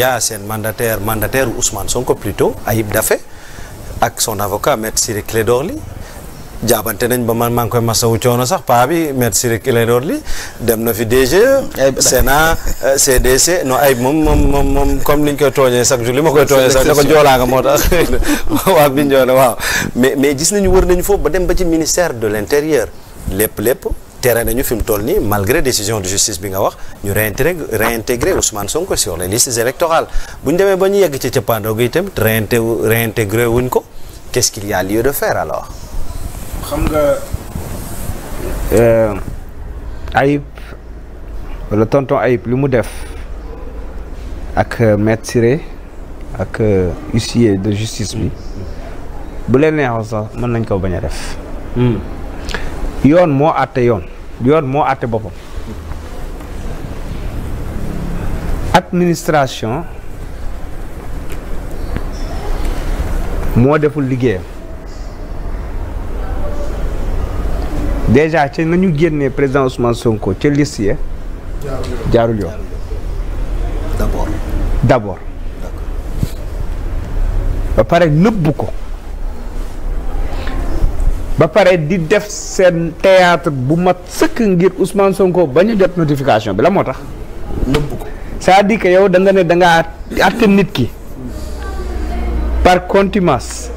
yaa seen mandataire mandataire Ousmane Sonko plutôt Ayib Daffé ak son avocat maître Ciré Clédor Ly jaabante nañ ba man maa ngi koy masawu coono sax paa bi maître Ciré Clédor Ly dem na fi DGE Sénat CDC euh, non ay moom moom moom moom comme li ñu koy tooñee sax ju li ma koy tooñee sax ne ko joolaa nga moo tax waa bi ñu waaw mais mais gis nañu wër nañu foofu ba dem ba ci ministère de l'intérieur lépp lépp tere nañu fi mu toll nii malgré décision de justice bi nga wax ñu réintégré réintégré Ousmane Sonko sur les listes électorales bu ñu demee ba ñu yegg ci cappaandaw gi itam réinté réintégré wuñ ko qu'est-ce qu'il y a lieu de faire alors. xam nga euh, Ayib wala tonton Ayib li mu def ak euh, maître Siré ak euh, huissier de justice bi bu leen neexoon sax mën nañ ko bañ a def. Hmm. yoon moo àtte yoon yoon moo àtte boppam administration moo deful liggéeyam déjà ca nañu génne président Ousmane Sonko ca liste ya jaarul yoon d'abord d'abord ba pare nëbb ko ba pare di def seen théâtre bu mat sëkk ngir Ousmane Sonko ba ñu jot notification bi la moo tax. nëbb ko cest à yow da nga ne da ngaa nit ki par contumace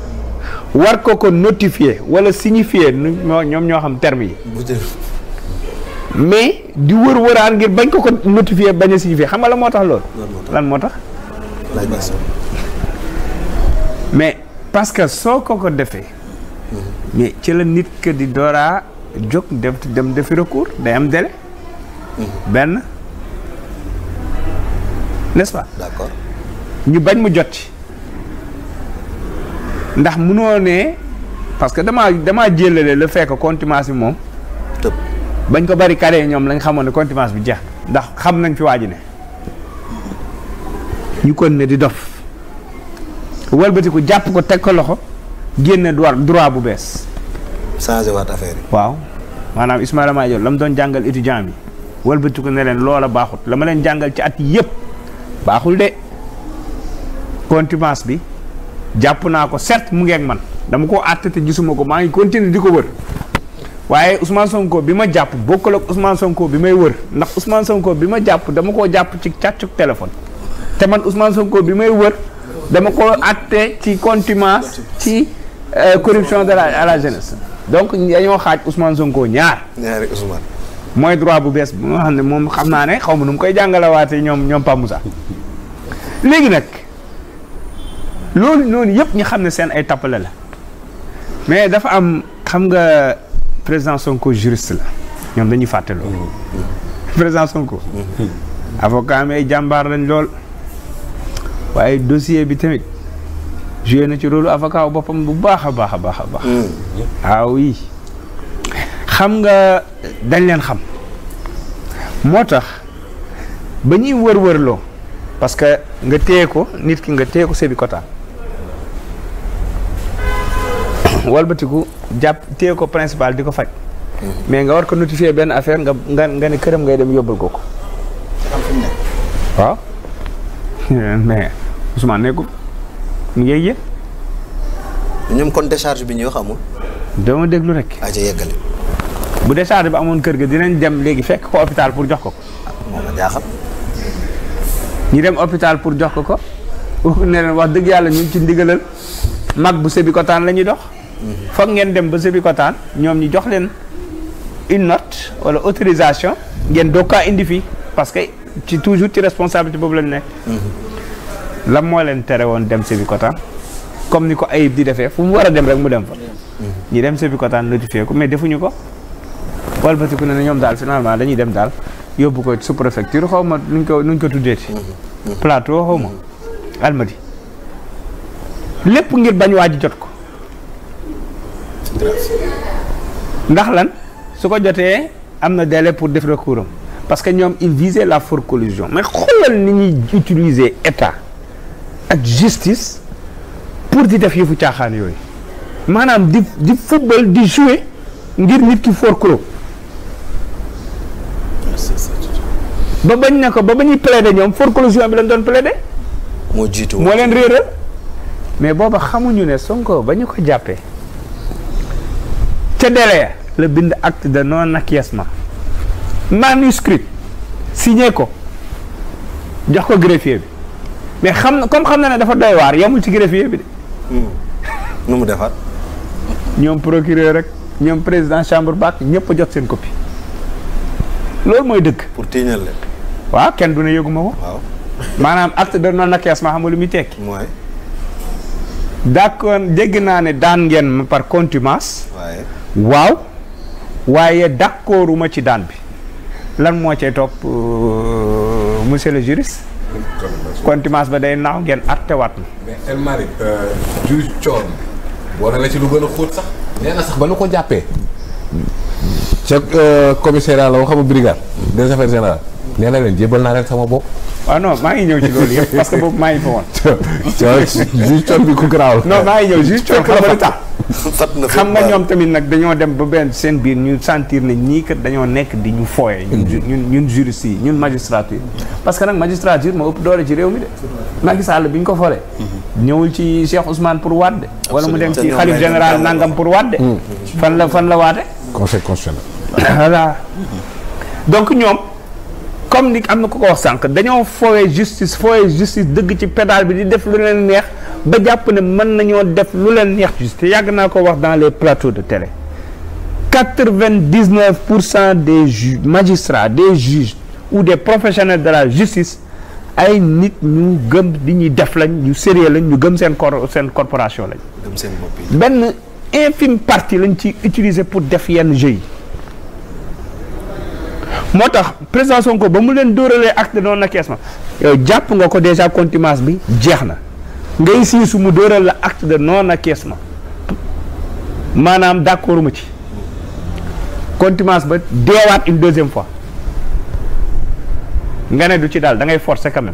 war ko ko notifier wala signifier ñoom ñoo xam terme yi. mais di wër wëraan ngir bañ ko ko notifier bañ a signifier xam nga la moo tax loolu. lan moo tax mais parce que soo ko ko defee. Mm-hmm. mais ci la nit que di dooraa jóg def dem defi recours day am délai. Mhm. benn n'est-ce pas. ñu bañ mu jot ci ndax munoo ne parce que damaa damaa jëlale la fekk contumace bi moom. bañ ko bari carré ñoom lañ xamoon ne contimence bi jeex ndax xam nañ fi waa ji ne. ñu kon ne di dof wëlbati jàpp ko teg ko loxo. génne droit bu bees. changé waat waaw maanaam Ismaïla Madior lam doon jàngal étudiant bi wëlbati ko ne leen loola baaxut la ma leen jàngal ci at yëpp baaxul de contumace bi jàpp naa ko certes mu ngeeg man dama koo àtte te gisuma ko maa ngi continuer di ko wër waaye Ousmane Sonko bi ma jàpp bokkul ak Ousmane Sonko bi may wër ndax Ousmane Sonko bi ma jàpp dama koo jàpp ci càccuk téléphone te man usman Sonko bi may wër dama ko àtte ci contumace ci. Euh, corruption de la à jeunesse. donc dañoo xaaj Ousmane Sonko ñaar. mooy droit bu bees bu nga xam ne moom xam naa ne xaw ma nu mu koy jàngalawaatee ñoom ñoom Pa Moussa léegi nag loolu noonu yëpp ñu xam ne seen ay tappale la mais dafa am xam nga président Sonko juriste la ñoom dañuy fàtte loolu. président Sonko. Mm-hmm. avocat am jàmbaar lañ lool waaye dossier bi tamit. joué ci rôle avocat boppam bu baax a baax a baax a baax. waaw mm. ah xam nga dañ leen xam moo tax ba ñuy wër-wërloo parce que nga téye ko nit ki nga téye ko sebi Sébikotane walbatiku jàpp téye ko principal di ko faj. Mm. mais nga war ko notifier benn affaire nga nga nga ne këram ngay dem yóbbal ko ko. waaw mais Ousmane nekkul. yéeg yëpp ñoom kon décharge bi ñuy wax amul. dama déglu rek. a ca yeggale. bu décharge bi amoon kër gi dinañ dem léegi fekk ko hôpital pour jox ko ko. Ah, moom dem hôpital pour jox ko ko. ne leen wax dëgg yàlla ñun ci ndigalal mag bu Sébikotane la ñuy dox. Mhm. foog ngeen dem ba Sébikotane ñoom ñu jox leen une note wala autorisation ngeen doog kaa indi fi parce que ci toujours ci responsabilité boobu lañ nekk. Mhm. lan moo leen tere woon dem Sébikotane comme ni ko Ayib di defee fu mu war a dem rek mu dem fa ñi dem Sébikotane notifié ko mais defuñu ko walbatiku ne ne ñoom daal finalement dañuy dem daal yóbbu ko sous préfecture xaw ma nuñ ko nuñ ko tuddeeti plateau xaw ma almadi lépp ngir bañ waa ji jot ko ndax lan su ko jotee am na délai pour def recours am parce que ñoom ils visaient la four collusion mais xoolal ni ñuy utiliser état ak justice pour di def yëfu caaxaan yooyu maanaam di di football di jouer ngir nit ki forclos ba bañ na ko ba ba ñuy plaider ñoom forclusion bi lañ doon plaider. moo jiitu moo leen réeral mais booba xamuñu ne Sonko ba ñu ko jàppee ca délai la bind acte de non acquiescement manuscrit signé ko jox ko greffier bi. mais xam na comme xam na ne dafa doy waar yamul ci greffier bi de. Hmm. nu mu defar. ñoom procureur rek ñoom président chambre bac ñëpp jot seen copie loolu mooy dëgg. pour tiiñal leen. waaw kenn du ne yëguma ko. waaw maanaam acte de non acquiescement xam nga lu muy tekki. mooy. d'accord dégg naa ne daan ngeen ma par contumace. waaw. waaye d'accorduma ci daan bi lan moo cay topp euh, monsieur le juriste. kon dimanche ba day naaw ngeen attewaat na. mais El Malick. juge coon. na ci lu gën a xóot sax. ba ko jàppee. ca euh, commissariat la waxama brigade des affaires générales. nee na leen jébal naa leen sama bopp. waaw ah non maa ngi ñëw ci loolu yëpp parce boobu maa ngi fa woon. juge bi ku garaaw la. maa ngi ñëw juge coon xam nga lu xam nga ñoom tamit nag dañoo dem ba benn seen biir ñu sentir ne ñii kat dañoo nekk di ñu fooye ñun ñun juriste yi ñun magistrature parce que nag magistrature moo ëpp doole ci réew mi de Macky bi ñu ko fole mhm. ñëwul ci Cheikh Ousmane pour waatde wala mu dem ci xalif général nangam pour waatde mhm. fan la fan la waate conseil constitutionnel voilà donc ñoom comme ni am na ko ko wax sànq dañoo fooye justice fooye justice dëgg ci pédale bi di def lu leen neex ba jàpp ne mën nañoo def lu leen neex te yàgg naa ko wax dans le plateau de télé quatre-vingt-dix-neuf pour cent des ju magistrats des juges ou des professionnels de la justice ay nit ñu gëm li ñuy def lañ ñu sérieux lañ ñu gëm seen cor seen corporation lañ. gëm seen bopp benn infime partie lañ ci utiliser pour def yenn jeu yi moo tax président ko ba mu leen dóoralee acte de non acquiescement yow jàpp nga ko déjà contimence bi jeex na. ngay siisu mu dóoral la acte de non acquiescement maanaam d'accord ma ci contimence ba deewaat une deuxième fois nga ne du ci daal da ngay forcer quand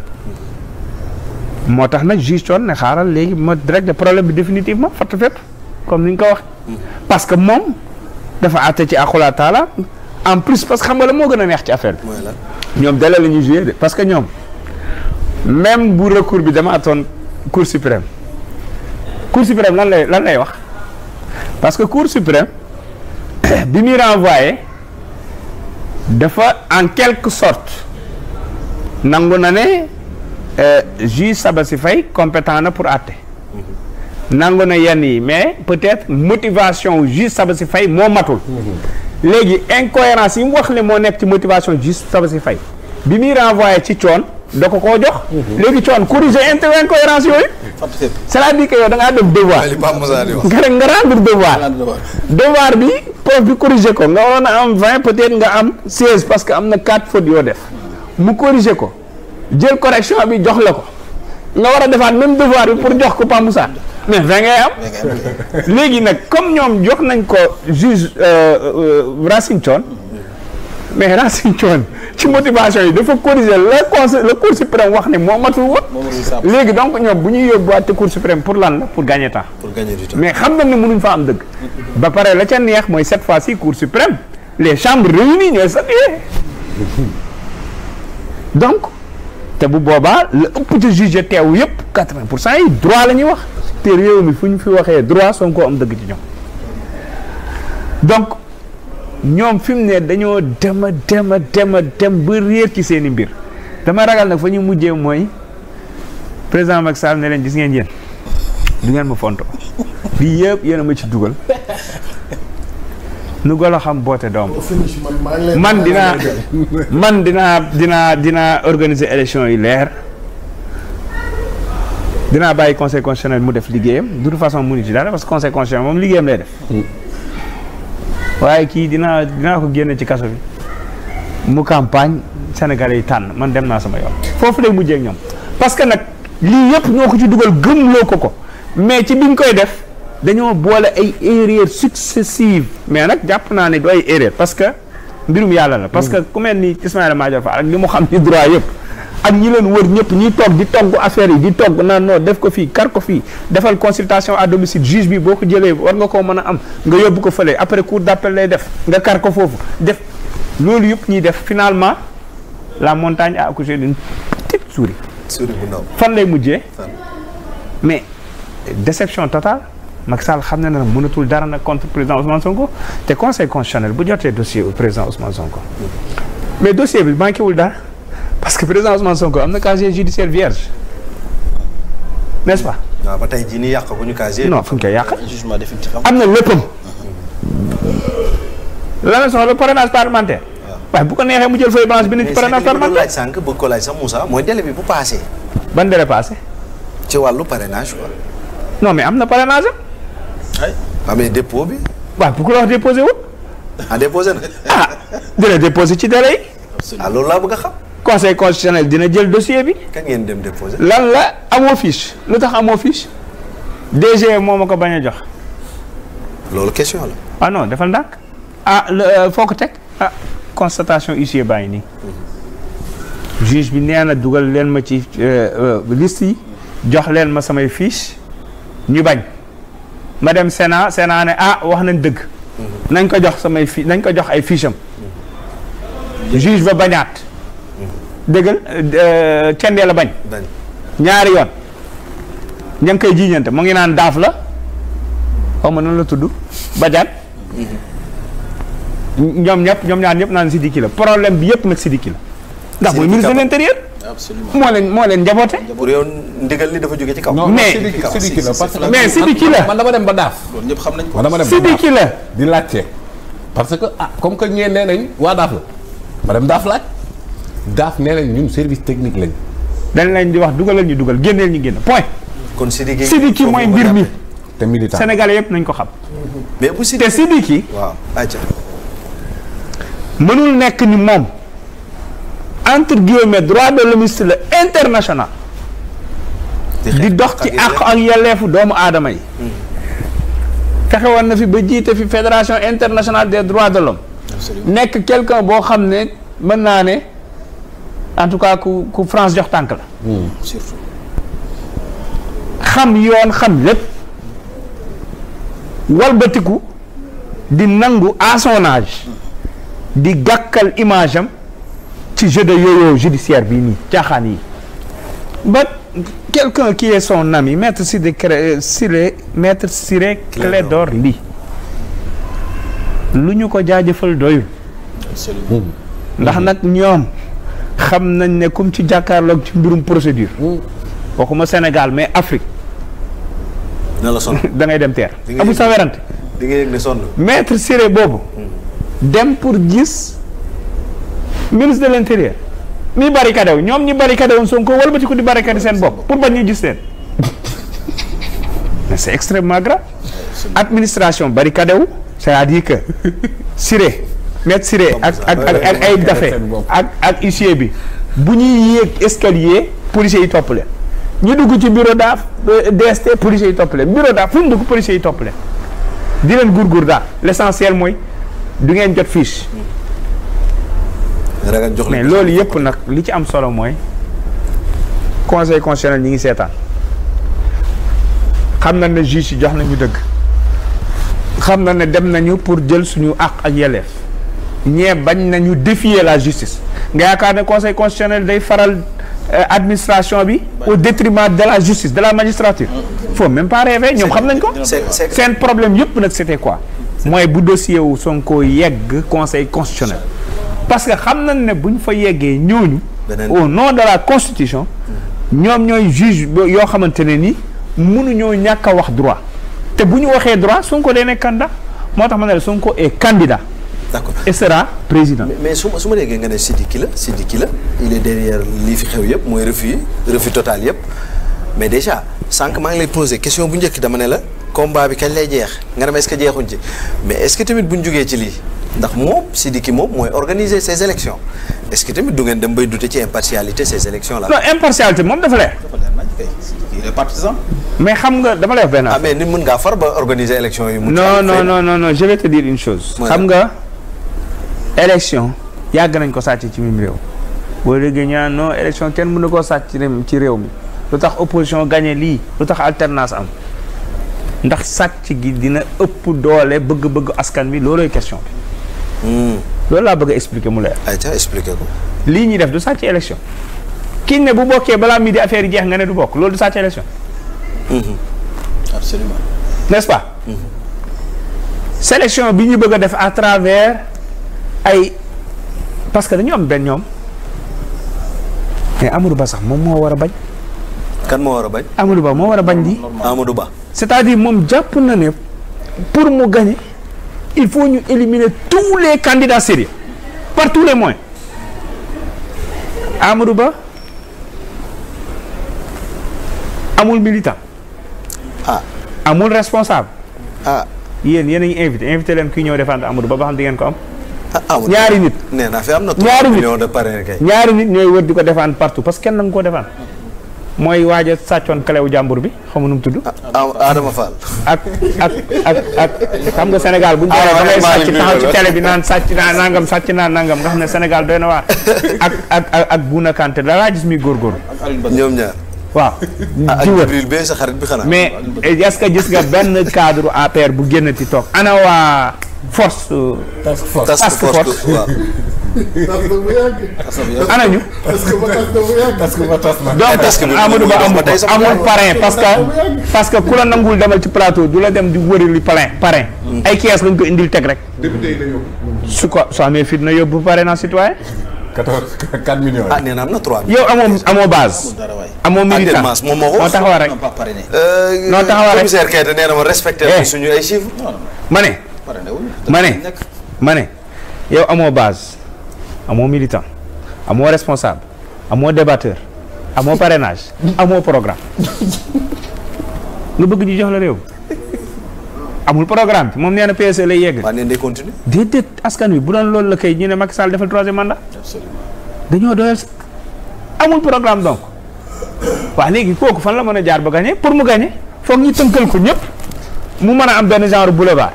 moo tax nag juge coon ne xaaral léegi ma régler problème bi définitivement fatt fépp comme ni nga wax parce que moom dafa àtte ci àqulaa taala en plus parce que xam nga la moo gën a neex ci affaire bi ñoom dale la ñuy de parce que ñoom même bu recours bi dama atoon cour suprême cour suprême lan lay lan lay wax parce que cour suprême bi muy renvoyé dafa en quelque sorte nangu na ne euh, juge Sabassy Faye compétent na pour àtte nangu na yenn yi mais peut-être motivation juge si fay moo matul léegi incohérence yi mu wax ne moo nekk ci motivation juge Sabassy Faye bi muy renvoyé ci coon da ko koo jox. léegi coon corriger incohérence yooyu. c'est-à-dire que yow da ngaa def devoir. nga rek nga rendre devoir. devoir bi prof bi corriger ko nga waroon a am vingt peut nga am seize parce que am na quatre fautes yoo def. mu corriger ko jël correction bi jox la ko. nga war a defaat même devoir bi pour jox ko Pa Moussa mais vingt ngay am. léegi nag comme ñoom jox nañ ko juge euh, euh, Racine Thion. mais Racine Thione ci motivation yi dafa corriger le conseil wax ne moo matul woon. léegi donc ñoom bu ñuy yóbbuwaatee cour suprême pour lan la pour gagner temps. pour mais xam nañ ne mënuñ fa am dëgg. ba pare la ca neex mooy cette fois-ci cour suprême les chambres réunies ñooy statuer donc te bu boobaa la ëpp ci juge teew yëpp 80 pour cent yi droit la ñuy wax te réew mi fu ñu fi waxee droit Sonko am dëgg ci ñoom ñoom fi mu ne dañoo dem a dem a dem a dem ba réer ci seeni mbir dama ragal nag fa ñu mujjee mooy président Macky Sall ne leen gis ngeen yéen du ngeen ma fonto bi yëpp yéen ma ci dugal nu golo xam boote doom man dinaa man dina dinaa dinaa organiser élection yi leer dinaa bàyyi conseil constitutionnel mu def liggéeyam de toute façon mu ngi ci dara parce que conseil constitutionnel moom liggéeyam lay de waaye kii dinaa dinaa ko génne ci kaso bi mu campagne Sénégalais yi tànn man dem naa sama yoon foofu de mujjee ak ñoom parce que nag lii yëpp ñoo ko ci dugal gëmloo ko ko mais ci bi biñ koy def dañoo boole ay erreurs successives mais nag jàpp naa ne du ay erreurs parce que mbirum yàlla la parce que ku mel ni Ismaïla Madior Fall ak li mu xam ci droit yëpp ak ñi leen wër ñëpp ñuy toog di togg affaire yi di togg naan non def ko fii kar ko fii defal consultation à domicile juge bi boo ko jëlee war nga koo mën a am nga yóbbu ko fële après cour d'appel lay def nga kar ko foofu def loolu yëpp ñuy def finalement la montagne a accouché d'une petite souris. souris fan lay mujjee. mais déception totale Macky Sall xam na ne mënatul dara nag contre président Ousmane Sonko te conseil constitutionnel bu jotee dossier au président Ousmane son mm. mais parce que président Ousmane Sonko am na casier judiciaire vierge nest tey jii nii yàq bu ñu non fu ñu koy yàq jugement définitif am na léppam. lan la soxla parlementaire. waaw bu ko neexee mu jël feuille blanche bi. ci parrainage parlementaire mais sànq bëgg ko laaj sax mooy délai bi bu paasee. ban ci wàllu parrainage quoi. non mais am na parrainage am. ay amee ah, bi. waaw bu ko la wax déposé wul. Ah, na. ah ci délai yi. Ah, a xam. conseil constitutionnel dina jël dossier bi. kañ ngeen dem déposer. lan la amoo fiche lu tax amoo fiche DG moo ma ko bañ a jox. loolu question la. ah non defal ndànk ah euh, foo ko teg ah constatation huissier baa ngi nii mhm. juge bi nee na dugal leen ma ci euh, euh, liste yi jox leen ma samay fiche ñu bañ ma dem Sénat Sénat ne ah wax nañ dëgg. Mhm. nañ ko jox samay fi nañ ko jox ay fiche mhm. juge ba bañaat. dëggal euh, cendee la bañ ñaari yoon ña ngi koy jiiñante mu ngi naan daaf la xaw ma nan la tudd bajaan mm-hmm. ñoom ñëpp ñoom ñaar ñëpp naan Sidiki la problème bi yëpp nag Sidiki la ndax mooy ministre de l'intérieur absolument moo leen moo leen njaboote. pour yow ndigal li ci kaw. non mais Sidiki la parce mais Sidiki la man dama dem ba daaf. loolu ñëpp xam nañ ko man la. di laajte parce que ah, comme que ñee nee nañ waa daaf la ma dem daaf laaj. daaf nee nañ ñun service technique lañ. dañ leen di wax dugalal ñu dugal génneel ñu génn point. kon Sidiki Sidiki mooy mbir mi. te militant Sénégalais yëpp nañ ko xam. mais bu Sidiki te Sidiki. waaw mënul nekk ni moom entre guillemets droit de l'homme la international. di dox ci àq ak yelleefu doomu aadama yi. Hmm. fexe woon na fi ba jiite fi fédération international des droits de l'homme nekk kelka boo xam ne mën naa ne. en tout cas ku ku France jox tànk la. Hmm. surtout. xam yoon xam lépp walbatiku di nangu à son di gàkkal image am ci jeu de yoyo judiciaire bi nii caaxaan yi ba quelqu'un qui est son ami maître Ciré Ciré maître Ciré Clédor Ly lu ñu ko jaajëfal doyul. ndax nag ñoom. xam nañ ne comme ci jàkkaarloog ci mbirum procédure. Hmm. waxuma Sénégal mais Afrique. na la sonn da ngay dem teer amul sa werante di nga yëg boobu. Hmm. dem pour gis ministre de l' mi barricade wu ñoom ñi barricade woon Sonko wëlbati ko di barricade seen bopp pour bañ ñu gis leen mais c' est extrêmement grave. administration barricade wu c' est à dire Maître ak ak ay dafe ak ak huissier bi bu ñuy yéeg escalier policiers yi topp leen ñu dugg ci bureau daa euh, DST policiers yi topp leen bureau daaf fu ñu dugg policiers yi topp leen di leen gurgur daal l'essentiel mooy du ngeen jot fiche mais loolu yëpp nag li ci am solo mooy conseil na ñi ngi seetaan xam na ne juge yi jox nañu dëgg xam na ne dem nañu pour jël suñu ak ak yelleef ñee bañ nañu défier la justice nga yaakaar ne conseil constitutionnel day faral euh, administration bi au détriment de la justice de la magistrature faut même pas rêver ñoom xam nañ ko seen problème yëpp nag c'était quoi mooy bu dossier wu Sonko yegg conseil constitutionnel parce que xam nañ ne bu ñu fa yeggee ñooñu au nom de la constitution ñoom ñooy juge yoo xamante ne ni mënuñoo ñàkk a wax droit te bu ñu waxee droit Sonko dee nekk candidat moo tax ma ne Sonko est candidat d'accord et sera président. mais su ma su ma déggee nga ne Sidiki la Sidiki la il est derrière lii fi xew yëpp mooy refus refus total yëpp mais déjà sànq maa ngi lay poser question bu njëkk dama ne la combat bi kañ lay jeex nga ne ma est-ce que jeexuñ ci mais est-ce que tamit buñ jugee ci lii ndax moom Sidiki moom mooy organiser ces élections est-ce que tamit du ngeen dem bay dute ci impartialité ces élections là. non impartialité moom dafa leer. il est partisan. mais nga dama lay wax benn. ah nga. élection yàgg nañ ko sàcc ci mim réew boo déggee ñu naan non élection kenn na koo sàcc ci réew mi lu tax opposition gagné lii lu tax alternance am ndax sàcc gi dina ëpp doole bëgg-bëgg askan bi loolooy question bi. Hmm. loolu laa bëgg a mu leer. ayca expliquer ko. lii ñuy def du sàcc élection kii ne bu bokkee balaa midi affaire yi jeex nga ne du bokk loolu du sàcc élection. Hmm. nest pas. Hmm. sélection bi ñu bëgg def à travers. ay parce que dañu am benn ñoom mais Amadou Ba sax moom moo war a bañ. kan moo war a bañ. Amadou Ba moo war a bañ di. Amadou Ba. cest à di moom jàpp na ne pour mu gagner il faut ñu éliminer tous les candidats sérieux par tous les moyens Amadou Ba amul militant. ah amul responsable. ah yéen yéen a ngi invité invité leen kuy ñëw défendre Amadou Ba ba xam di ngeen ko am. Ah, ah, ñaari nit. nee na ñaari nit ñaari nit ñooy wër di ko défendre partout parce que kenn nangu koo défendre. mooy waaj a sàccoon kalewu jàmbur bi xamu nu mu tudd. Ah, Adama Fall. ak ak ak ak xam nga Sénégal bu ñu. bi naan sàcc naa nangam sàcc naa nangam nga xam ne Sénégal doy na waar. ak ak ak ak Bouna Kanté da laa gis muy góorgóorlu. ñoom ñaar. waaw jiw ba mais est gis nga benn cadre APR bu génnati toog. ana force. task force task force ana ñu. task ba amul amul parce que parce que ku la nangul demal ci plateau du la dem di wëri li parrain parrain. Mm. ay kees lañ ko indil teg rek. député su ko soo amee fit na yóbbu parrainage citoyen. 14 4 millions ah nee na am na 3 yow amoo amoo base. amoo militant moom moo ko taxawal rek. noo taxawal rek ma eh. ma ne. ma ne ma ne yow amoo base amoo militant amoo responsable amoo débatteur amoo parrainage amoo programme nga bëgg ñu jox la réew amul programme bi moom nee na PSE lay yegg. waaw nee na continuer. déedéet askan wi bu doon loolu la kay ñu ne Macky Sall defal troisième mandat. absolument dañoo doyal sax amul programme donc waaw léegi kooku fan la mën a jaar ba gagné pour mu gagné foog ñu tënkal ko ñëpp mu mën a am benn genre boulevard.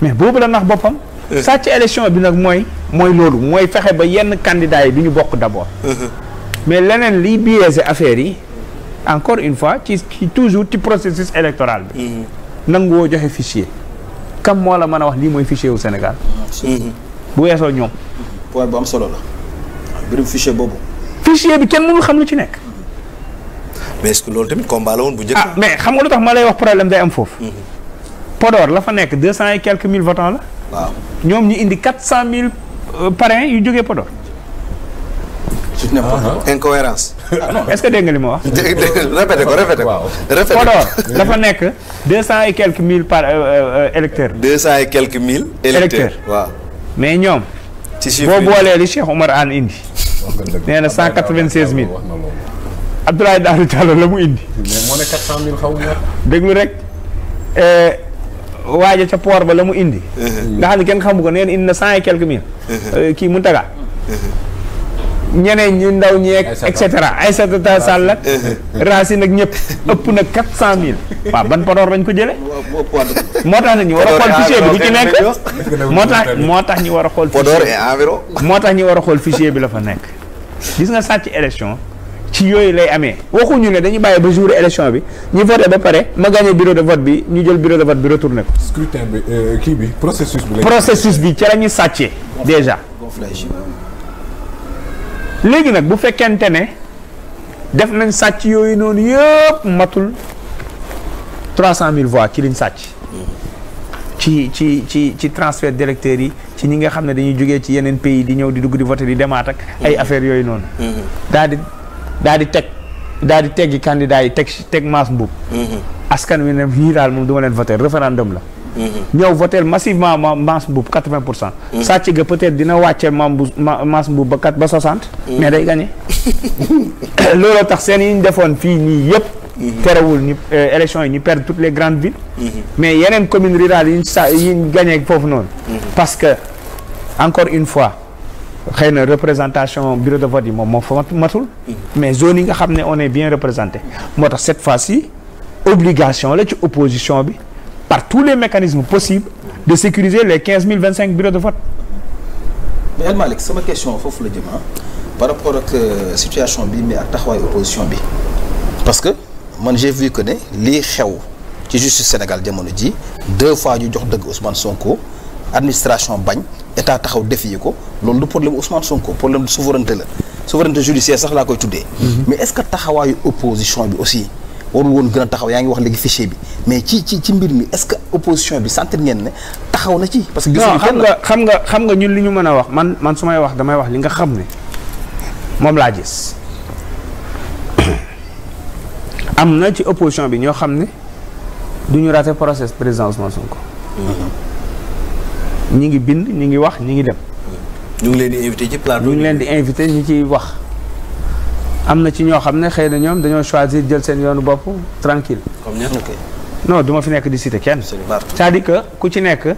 mais boobu la nax boppam. Euh. sàcc élection bi nag mooy mooy loolu mooy fexe ba yenn candidats yi du ñu bokk d' abord. Euh. mais leneen liy biaisé affaire yi encore une fois ci ci toujours ci processus électoral bi. Mmh. nangu woo joxe fichier. kam moo la mën a wax lii mooy fichier wu Sénégal. Mmh. bu weesoo ñoom. point bu solo la. mbirum boobu. fichier bi kenn mënul xam lu ci nekk. mais est-ce que loolu tamit combat la woon bu njëkk. ah mais xam nga lu tax ma lay wax problème day am foofu. Mmh. Podor la fa nekk deux cent et quelques mille votants la. ñoom ñu indi quatre cent mille euh, parrains yu jógee Podor. c'est n'importe ah, ah. incohérence. Ah, non est-ce li ma wax. dégg répété ko répété ko. répété Podor dafa nekk deux cent et mille par euh, euh, électeurs. deux cent et quelques mille. électeurs waaw. mais ñoom. ci chiffre boo boolee li Cheikh Omar Anne indi. nee na cent quatre-vingt-seize mille. Abdoulaye Daouda Diallo la mu indi. mais moo ne quatre cent mille xaw ma. déglu rek. waaja ca poor ba la mu indi nga xam ne kenn xamu ko neen indi na cent et quelques mille euh, kii mun taga ñeneen ñu ndaw ñeeg et cetera ay satata sàll ak racine ak ñëpp ëpp na quatre cent mille waaw ban Podor lañ ko jële moo tax ñu war a xool fichier bi bu ci nekk moo tax moo tax ñu war a xool Podor et moo tax ñu war a xool fichier bi la fa nekk gis nga sàcc élection ci yooyu lay amee waxuñu ne dañu bàyyi ba jour élection bi ñu voté ba pare ma gagné bureau de vote bi ñu jël bureau de vote bi retourné ko. scrutin bi euh, kii bi processus bi. processus bi ca la ñu sàccee. déjà léegi nag bu fekkente ne def nañ sàcc yooyu noonu yëpp matul trois cent mille voix ci liñ sàcc. ci ci ci ci transfert d'électeurs yi ci ñi nga xam ne dañu jógee ci yeneen pays di ñëw di dugg di voté di demaat ak. ay affaires yooyu noonu. Mm-hmm. daal di. daal di teg daal di teggi candidat yi teg teg maas mbuub mhm. askan wi ne ñii daal moom du ma leen voté référendum la mhm. ñëw voté massivement ma maas mbuub quatre vingt pour cent mhm. sàcc ga peut être dina wàcce mambu maas mbuub ba quatre ba soixante mais day gagné looloo tax seen yi ñu defoon fii nii yëpp terewul ñu euh, élection yi ñu perdre toutes les grandes villes mais yeneen communes rurales yi ñu sa yi ñu gagné foofu noonu parce que encore une fois xëy na représentation bureau de vote yi moom moo fa matul mais zone yi nga xam ne on est bien représenté moo tax cette fois si obligation la ci opposition bi par tous les mécanismes possibles de sécuriser les quinze mille vingt cinq bureaux de vote. mais El Malick sama question foofu la jëm ah, par rapport ak euh, situation bi mais ak taxawaayu opposition bi parce que man j'ai vu que ne lii xew ci justice Sénégal jamono ji deux fois ñu jox dëgg Ousmane Sonko. administration bañ état taxaw défier ko loolu du problème Ousmane Sonko problème de souveraineté la souveraineté judiciaire sax laa koy tuddee. Mhm. mais est-ce que taxawaayu bi aussi warul woon gën yaa ngi wax léegi fichier bi mais ci ci ci mbir mi est-ce que opposition bi sentir ngeen ne taxaw na ci. parce que gisuñu kenn la xam nga xam nga ñun li ñu mën a wax man man su may wax damay wax li nga xam ne laa gis am na ci opposition bi ñoo xam ne du ñu raté process président Ousmane ko ñi ngi bind ñi ngi wax ñi ngi dem. ñu ngi leen di invité ci ñu ngi leen di invité ñu ciy wax. am na ci ñoo xam ne xëy na ñoom dañoo choisir jël seen yoonu bopp tranquille comme non du ma fi nekk di cité kenn. c'est-à-dire que ku ci nekk.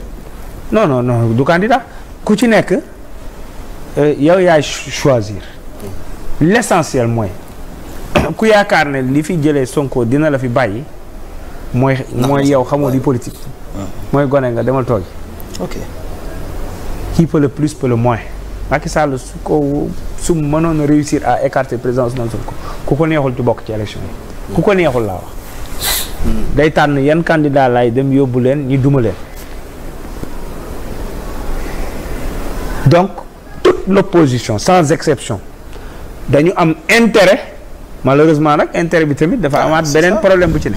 non non non du candidat ku ci nekk euh, yow yaay choisir. l'essentiel mooy ku yaakaar ne li fi jëlee Sonko dina la fi bàyyi mooy. mooy yow xamoo di politique. Ah. mooy gone nga demal toogi. ok. qui peut le plus peut le moins Macky su ko su mënoon a réussir à écarter président Ousmane ko ku ko neexul ci bokk ci élection yi ku ko neexul laa wax day tànn yan candidat lay dem yóbbu leen ñu duma leen donc toute l'opposition sans exception dañu am intérêt malheureusement nag intérêt bi tamit dafa ah, amaat beneen problème bu ci ne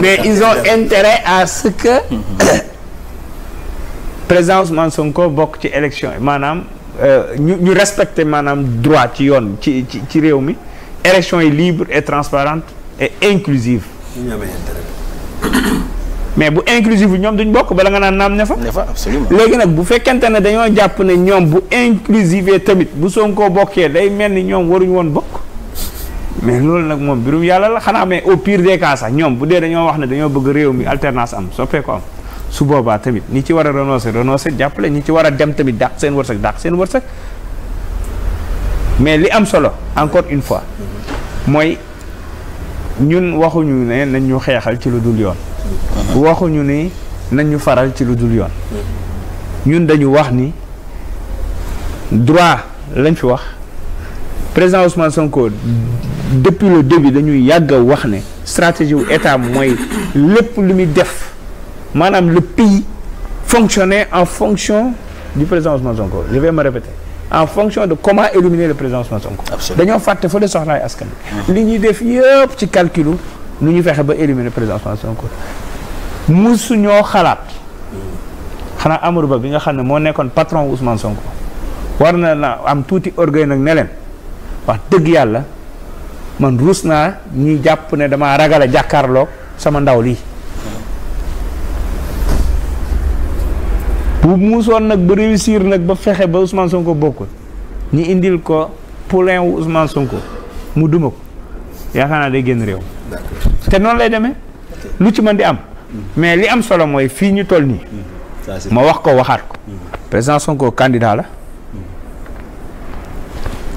mais ils ont intérêt à ce que président Ousmane Sonko bokk ci élection yi maanaam euh, ñu ñu respecté maanaam droit ci yoon ci ci ci réew mi élection yi libre et transparente et inclusive mais bu inclusive bi ñoom duñ bokk bala nga naan naam ne fa. ne fa léegi nag bu fekkente ne dañoo jàpp ne ñoom bu inclusive tamit bu Sonko bokkee day mel ni ñoom waruñu woon bokk mais loolu nag moom birum yàlla la xanaa mais au pir des cas sax ñoom bu dee dañoo wax ne dañoo bëgg réew mi alternance am soppee su boobaa tamit ñi ci war a renoncer renoncer jàppale ñi ci war a dem tamit dàq seen wërsëg dàq seen wërsëg mais li am solo encore une fois mooy ñun waxuñu ne nañ ñu xeexal ci lu dul yoon waxuñu ni nañ ñu faral ci lu dul yoon ñun dañu wax ni droit lañ fi wax président Ousmane Sonko depuis le début dañuy yàgg a wax ne stratégie wu état mooy lépp lu muy def maanaam le pays fonctionnait en fonction du président Ousmane Sonko je vais me répéter en fonction de comment éliminer le président Ousmane Sonko. dañoo fàtte fa de soxlaay askan bi li ñuy def yëpp ci calculu nu ñu fexe ba éliminer président Ousmane Sonko musu ñoo xalaat xanaa Amadou Ba bi nga xam ne moo nekkoon patron Ousmane Sonko war na na am tuuti orgueil nag ne leen wax dëgg yàlla man ruus naa ñuy jàpp ne damaa ragal jàkkaarlook sama ndaw lii. bu muusoon nag ba réussir nag ba fexe ba Ousmane Sonko bokkul ñi indil ko poulain wu Ousmane Sonko mu duma ko yaakaar naa day génn réew. te noonu lay demee lu ci mën di am. mais li am solo mooy fii ñu toll nii. ma wax ko waxaat ko. Mm-hmm. président Sonko candidat la. Mm-hmm.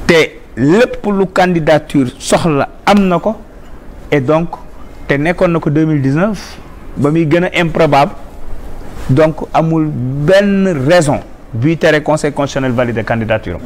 te lépp lu candidature soxla am na ko et donc te nekkoon na ko deux mille dix ba muy gën a improbable. donc amul benn raison buy tere conseil constitutionnel valider candidature